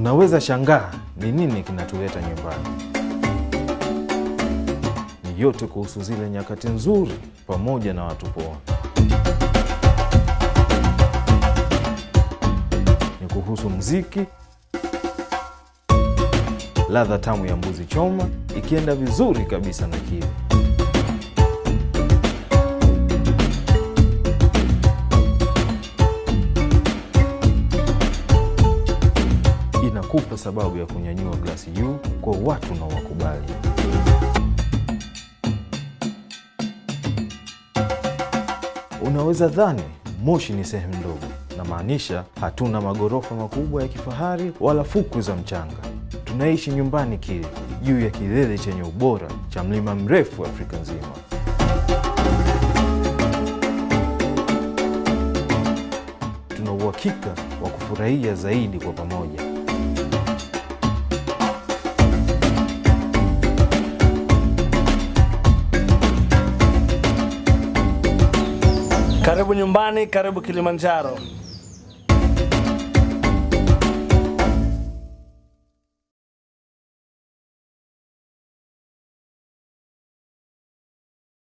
Unaweza shangaa ni nini kinatuleta nyumbani. Ni yote kuhusu zile nyakati nzuri pamoja na watu poa. Ni kuhusu mziki, ladha tamu ya mbuzi choma ikienda vizuri kabisa na kili kukupa sababu ya kunyanyua glasi juu kwa watu unaowakubali. Unaweza dhani Moshi ni sehemu ndogo, na maanisha hatuna maghorofa makubwa ya kifahari wala fukwe za mchanga. Tunaishi nyumbani kile juu ya kilele chenye ubora cha mlima mrefu Afrika nzima. Tuna uhakika wa kufurahia zaidi kwa pamoja. Karibu nyumbani, karibu Kilimanjaro.